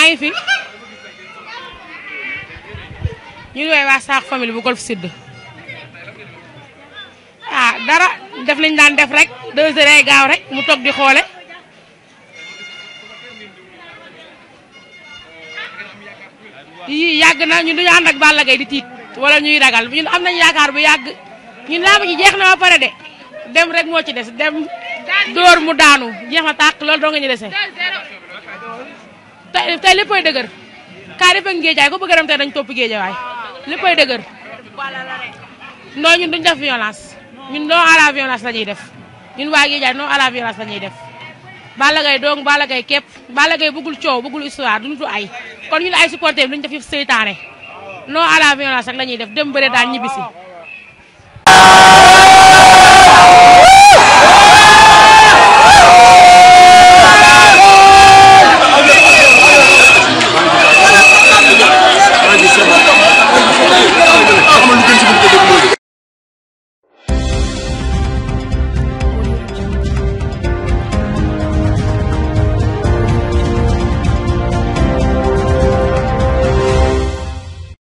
maa fi ñu ngi woy waa Sakho famille bu Golf Sud ah dara def liñ daan def rek deux heures ay gaaw rek mu toog di xoole yii yàgg na ñun dañu ànd ak Balla Gaye di tiit wala ñuy ragal ñun am nañu yaakaar bu yàgg ñun làmb ji jeex na ba pare de dem rek moo ci des dem dóor mu daanu jeex na tàq loolu doo nga ñu dese tey tey léppay dëgër kaari fekk géejaay ko bëgg dem tey dañ topp géejawaay léppay dëgër non ñun duñ def violence ñun non à la violence la ñuy def ñun waa géejaay non à violence la ñuy def Balla Gaye dong Balla Gaye képp Balla Gaye bëggul coow bëggul histoire duñu tu ay kon ñun ay supporter bi duñ def yëf seytaane non à la violence rek ñuy def dem bëre daal ñibbisi